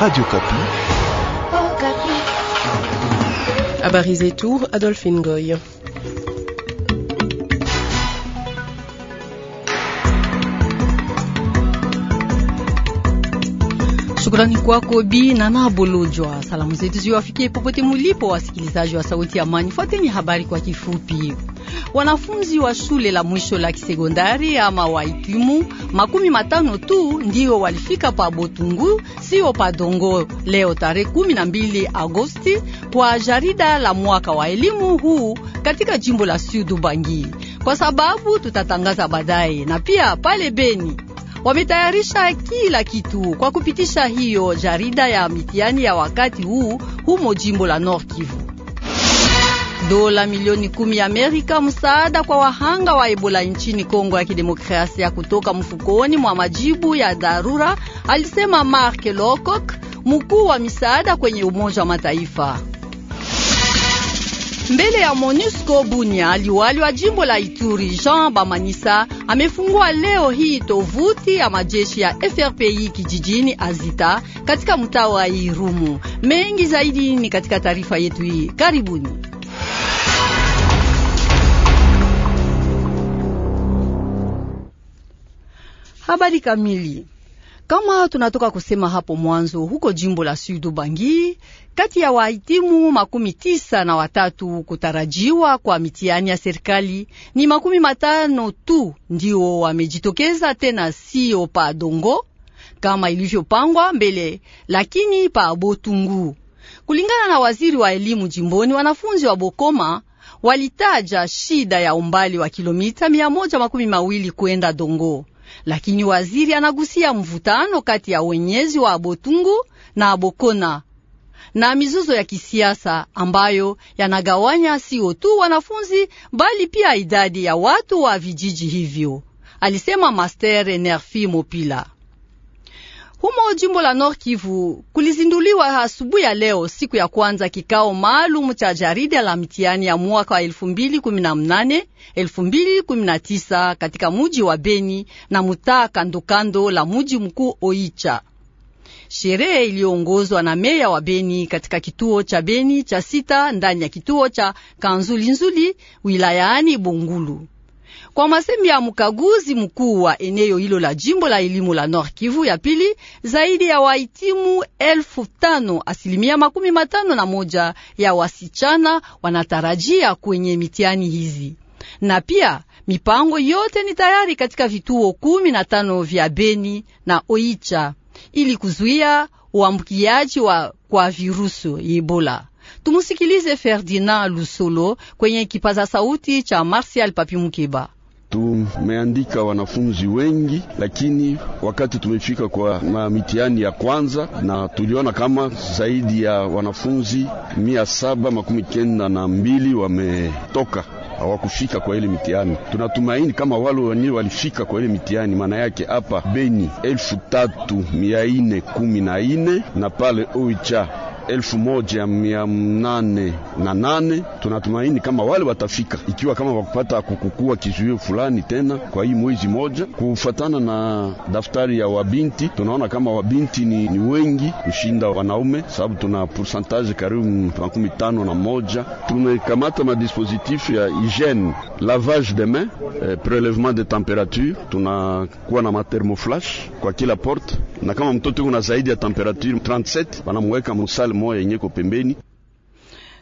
Radio Kapi. À zetu, Adolphe Ngoy. Shukrani kwako Bi na Nabolojwa. Salamu zetu ziwafikie popote mulipo, wasikilizaji wa Sauti ya Amani. Fuateni habari kwa kifupi. Wanafunzi wa shule la mwisho la kisekondari ama wahitimu makumi matano tu ndio walifika pa Botungu, sio pa Dongo, leo tarehe 12 Agosti kwa jarida la mwaka wa elimu huu katika jimbo la Sud Ubangi, kwa sababu tutatangaza baadaye na pia pale Beni wametayarisha kila kitu kwa kupitisha hiyo jarida ya mitihani ya wakati huu humo jimbo la North Kivu. Dola milioni kumi ya Amerika msaada kwa wahanga wa Ebola nchini Kongo ya Kidemokrasia kutoka mfukoni mwa majibu ya dharura, alisema Mark Lowcock, mkuu wa misaada kwenye Umoja wa Mataifa. Mbele ya MONUSCO Bunia, liwali wa jimbo la Ituri Jean Bamanisa amefungua leo hii tovuti ya majeshi ya FRPI kijijini Azita katika mtaa wa Irumu. Mengi zaidi ni katika taarifa yetu hii, karibuni. Habari kamili kama tunatoka kusema hapo mwanzo, huko jimbo la Sud Ubangi, kati ya wahitimu makumi tisa na watatu kutarajiwa kwa mitihani ya serikali ni makumi matano tu ndio wamejitokeza, tena sio pa Dongo kama ilivyopangwa mbele, lakini pa Botungu. Kulingana na waziri wa elimu jimboni, wanafunzi wa Bokoma walitaja shida ya umbali wa kilomita mia moja makumi mawili kwenda Dongo lakini waziri anagusia mvutano kati ya wenyezi wa Abotungu na Abokona na mizozo ya kisiasa ambayo yanagawanya sio tu wanafunzi bali pia idadi ya watu wa vijiji hivyo, alisema Master Nerfi Mopila. Humo jimbo la Nord Kivu kulizinduliwa asubuhi ya leo, siku ya kwanza, kikao maalum cha jarida la mitihani ya mwaka wa 2018 2019 katika muji wa Beni na mutaa kandokando la muji mkuu Oicha. Sherehe iliongozwa na meya wa Beni katika kituo cha Beni cha sita ndani ya kituo cha Kanzulinzuli wilayani Bungulu. Kwa masemi ya mkaguzi mkuu wa eneo hilo la jimbo la elimu la Nord Kivu ya pili, zaidi ya wahitimu elfu tano asilimia makumi matano na moja ya wasichana wanatarajia kwenye mitihani hizi, na pia mipango yote ni tayari katika vituo kumi na tano vya Beni na Oicha ili kuzuia uambukiaji wa kwa virusi Ebola. Tumusikilize Ferdinand Lusolo kwenye kipaza sauti cha Martial Papi Mukeba. Tumeandika wanafunzi wengi, lakini wakati tumefika kwa mitihani ya kwanza, na tuliona kama zaidi ya wanafunzi mia saba makumi kenda na mbili wametoka hawakufika kwa ile mitihani. Tunatumaini kama wale wenyewe walifika kwa ile mitihani, maana yake hapa Beni elfu tatu mia ine kumi na ine na pale Oicha elfu moja mia nane na nane. Tunatumaini kama wale watafika, ikiwa kama wakupata kukukua kizuio fulani tena kwa hii mwezi moja, kufatana na daftari ya wabinti. Tunaona kama wabinti ni, ni wengi kushinda wanaume, sababu tuna pourcentage karibu makumi tano na moja. Tumekamata madispositif ya hygiene, lavage de main, eh, prelevement de temperature. Tunakuwa na mathermoflash kwa kila porte, na kama mtoto kuna zaidi ya temperature 37 wanamweka musali moya yenye ko pembeni.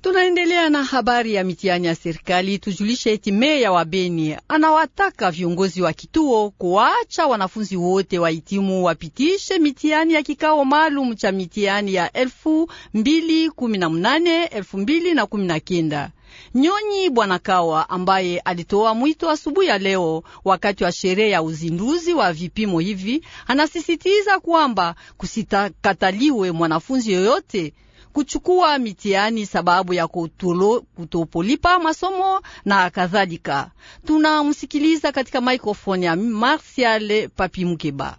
Tunaendelea na habari ya mitihani ya serikali. Tujulishe eti meya wa Beni anawataka viongozi wa kituo kuacha wanafunzi wote wahitimu wapitishe mitihani ya kikao maalum cha mitihani ya elfu mbili kumi na elfu mbili na kumi na kenda Nyonyi Bwana Kawa ambaye alitoa mwito asubuhi ya leo wakati wa sherehe ya uzinduzi wa vipimo hivi, anasisitiza kwamba kusitakataliwe mwanafunzi yoyote kuchukua mitihani sababu ya kutopolipa masomo na kadhalika. Tunamsikiliza katika mikrofoni ya Marsial Papi Mukeba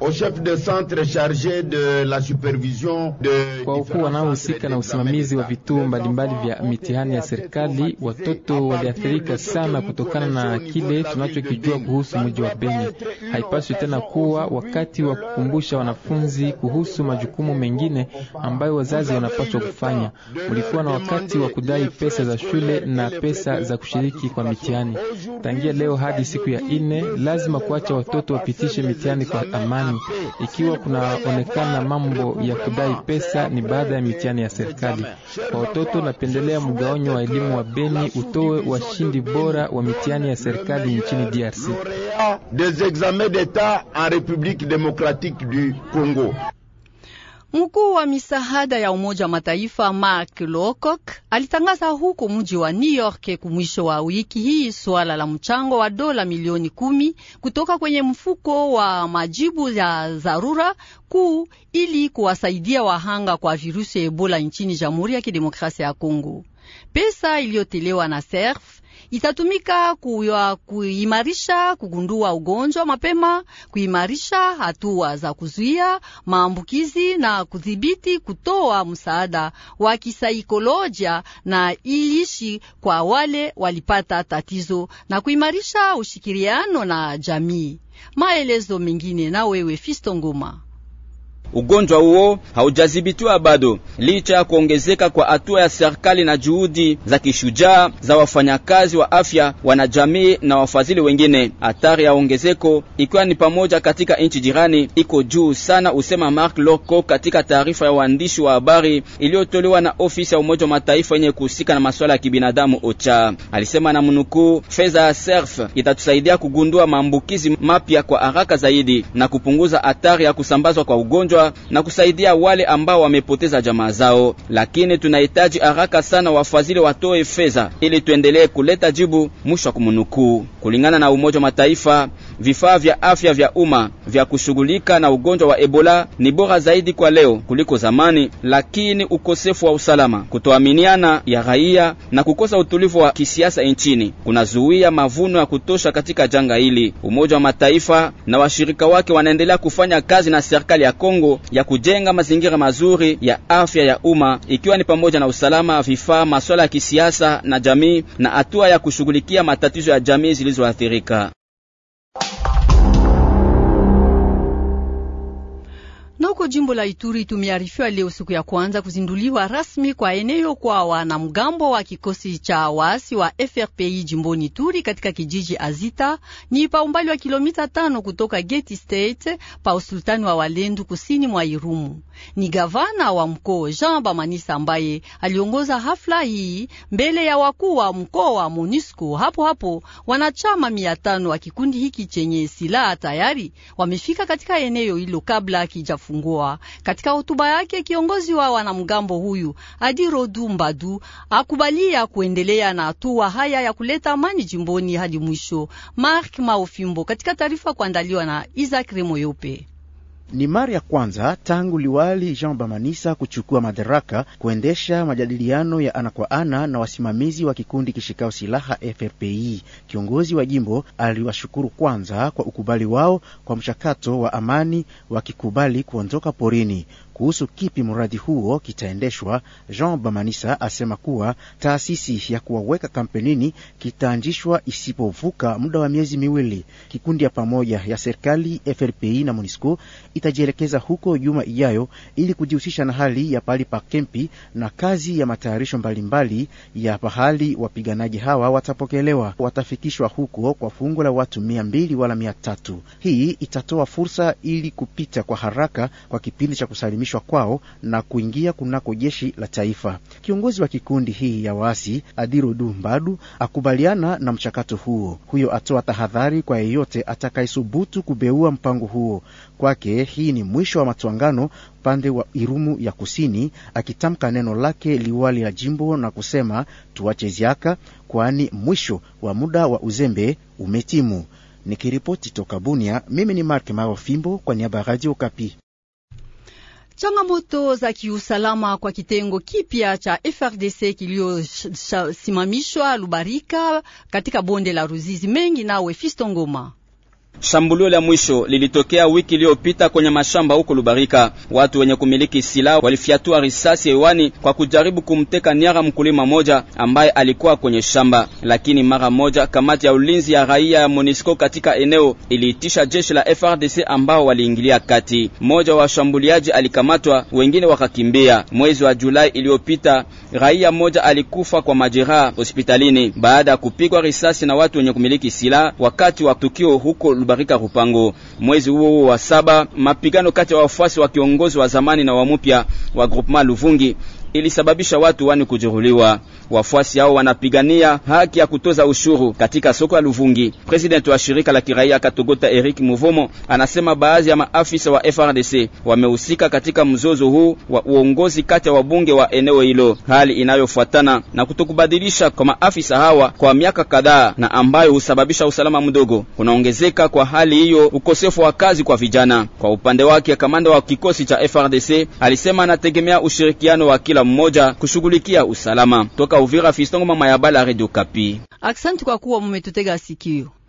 au chef de centre de la supervision de kwa ukuu wanaohusika na usimamizi wa vituo mbalimbali vya mitihani ya serikali. Watoto waliathirika sana kutokana na kile tunachokijua kuhusu mji wa Beni. Haipaswi tena kuwa wakati wa kukumbusha wanafunzi kuhusu majukumu mengine ambayo wazazi wanapaswa kufanya. Ulikuwa na wakati wa kudai pesa za shule na pesa za kushiriki kwa mitihani. Tangia leo hadi siku ya ine, lazima kuacha watoto wapitishe mitihani kwa amani fulani, ikiwa kunaonekana mambo ya kudai pesa, ni baada ya mitihani ya serikali. Kwa watoto, napendelea mgaonyo wa elimu wa beni utoe washindi bora wa mitihani ya serikali nchini DRC. Des examens d'etat en République démocratique du Congo. Mkuu wa misaada ya Umoja wa Mataifa Mark Lowcock alitangaza huko mji wa New York kumwisho wa wiki hii suala la mchango wa dola milioni kumi kutoka kwenye mfuko wa majibu ya dharura kuu ili kuwasaidia wahanga kwa virusi ya Ebola nchini Jamhuri ya Kidemokrasia ya Kongo. Pesa iliyotelewa na SERF itatumika kuya kuimarisha kugundua ugonjwa mapema, kuimarisha hatua za kuzuia maambukizi na kudhibiti, kutoa msaada wa kisaikolojia na ilishi kwa wale walipata tatizo na kuimarisha ushirikiano na jamii. Maelezo mengine na wewe Fisto Ngoma. Ugonjwa huo haujadhibitiwa bado, licha ya kuongezeka kwa hatua ya serikali na juhudi za kishujaa za wafanyakazi wa afya, wanajamii na wafadhili wengine. Hatari ya ongezeko ikiwa ni pamoja katika nchi jirani iko juu sana, usema Mark loko katika taarifa ya waandishi wa habari iliyotolewa na ofisi ya Umoja wa Mataifa yenye kuhusika na masuala ya kibinadamu OCHA. Alisema na mnukuu, fedha ya SERF itatusaidia kugundua maambukizi mapya kwa haraka zaidi na kupunguza hatari ya kusambazwa kwa ugonjwa kuokolewa na kusaidia wale ambao wamepoteza jamaa zao, lakini tunahitaji haraka sana wafadhili watoe fedha ili tuendelee kuleta jibu. Mwisho wa kumunukuu. kulingana na Umoja wa Mataifa vifaa vya afya vya umma vya kushughulika na ugonjwa wa Ebola ni bora zaidi kwa leo kuliko zamani, lakini ukosefu wa usalama, kutoaminiana ya raia na kukosa utulivu wa kisiasa nchini kunazuia mavuno ya kutosha katika janga hili. Umoja wa Mataifa na washirika wake wanaendelea kufanya kazi na serikali ya Kongo ya kujenga mazingira mazuri ya afya ya umma, ikiwa ni pamoja na usalama, vifaa, masuala ya kisiasa na jamii na hatua ya kushughulikia matatizo ya jamii zilizoathirika. Na huko jimbo la Ituri tumearifiwa leo siku ya kwanza kuzinduliwa rasmi kwa eneo kwa wanamgambo wa kikosi cha waasi wa FRPI jimboni Ituri katika kijiji Azita ni pa umbali wa kilomita tano kutoka Geti State pa usultani wa Walendu kusini mwa Irumu. Ni gavana wa mkoa Jean Bamanisa ambaye aliongoza hafla hii mbele ya wakuu wa mkoa wa MONUSCO. Hapo hapo wanachama mia tano wa kikundi hiki chenye silaha tayari wamefika katika eneo hilo kabla kijafu kufungua. Katika hotuba yake, kiongozi wa wanamgambo huyu Adiro Dumbadu akubalia kuendelea na hatua haya ya kuleta amani jimboni hadi mwisho. Mark Maofimbo katika taarifa kuandaliwa na Isaac Remoyope. Ni mara ya kwanza tangu liwali Jean Bamanisa kuchukua madaraka kuendesha majadiliano ya ana kwa ana na wasimamizi wa kikundi kishikao silaha FRPI. Kiongozi wa jimbo aliwashukuru kwanza kwa ukubali wao kwa mchakato wa amani, wakikubali kuondoka porini. Kuhusu kipi mradi huo kitaendeshwa, Jean Bamanisa asema kuwa taasisi ya kuwaweka kampenini kitaanzishwa isipovuka muda wa miezi miwili. Kikundi ya pamoja ya serikali FRPI na monisco itajielekeza huko juma ijayo ili kujihusisha na hali ya pahali pa kempi na kazi ya matayarisho mbalimbali ya pahali wapiganaji hawa watapokelewa. Watafikishwa huko kwa fungu la watu mia mbili wala mia tatu. Hii itatoa fursa ili kupita kwa haraka kwa kipindi cha kusalimisha kuhamishwa kwao na kuingia kunako jeshi la taifa. Kiongozi wa kikundi hii ya waasi Adirodu Mbadu akubaliana na mchakato huo, huyo atoa tahadhari kwa yeyote atakayesubutu kubeua mpango huo. Kwake hii ni mwisho wa matwangano upande wa Irumu ya kusini, akitamka neno lake liwali la jimbo na kusema tuache ziaka, kwani mwisho wa muda wa uzembe umetimu. Nikiripoti toka Bunia, mimi ni Mark Marofimbo kwa niaba ya Radio Kapi. Changamoto za kiusalama kwa kitengo kipya cha FRDC kiliyosimamishwa Lubarika katika bonde la Ruzizi. Mengi nawe Fisto Ngoma. Shambulio la mwisho lilitokea wiki iliyopita kwenye mashamba huko Lubarika. Watu wenye kumiliki silaha walifyatua risasi hewani kwa kujaribu kumteka nyara mkulima moja ambaye alikuwa kwenye shamba, lakini mara moja kamati ya ulinzi ya raia ya MONUSCO katika eneo iliitisha jeshi la FRDC ambao waliingilia kati. Mmoja wa washambuliaji alikamatwa, wengine wakakimbia. Mwezi wa Julai iliyopita, raia mmoja alikufa kwa majeraha hospitalini baada ya kupigwa risasi na watu wenye kumiliki silaha wakati wa tukio huko Lubarika Rupango. Mwezi huo wa saba, mapigano kati ya wafuasi wa kiongozi wa zamani na wamupya wa groupement Luvungi ilisababisha watu wani kujeruhiwa. Wafuasi hao wanapigania haki ya kutoza ushuru katika soko ya Luvungi. Presidenti wa shirika la kiraia Katogota Eric Muvomo anasema baadhi ya maafisa wa FRDC wamehusika katika mzozo huu wa uongozi kati ya wabunge wa eneo hilo, hali inayofuatana na kutokubadilisha kwa maafisa hawa kwa miaka kadhaa na ambayo husababisha usalama mdogo. Kunaongezeka kwa hali hiyo ukosefu wa kazi kwa vijana. Kwa upande wake, kamanda wa kikosi cha FRDC alisema anategemea ushirikiano wa kila kila mmoja kushughulikia usalama. Toka Uvira, Fistongo mama ya Bala, Radio Kapi. Asante kwa kuwa mmetutega sikio.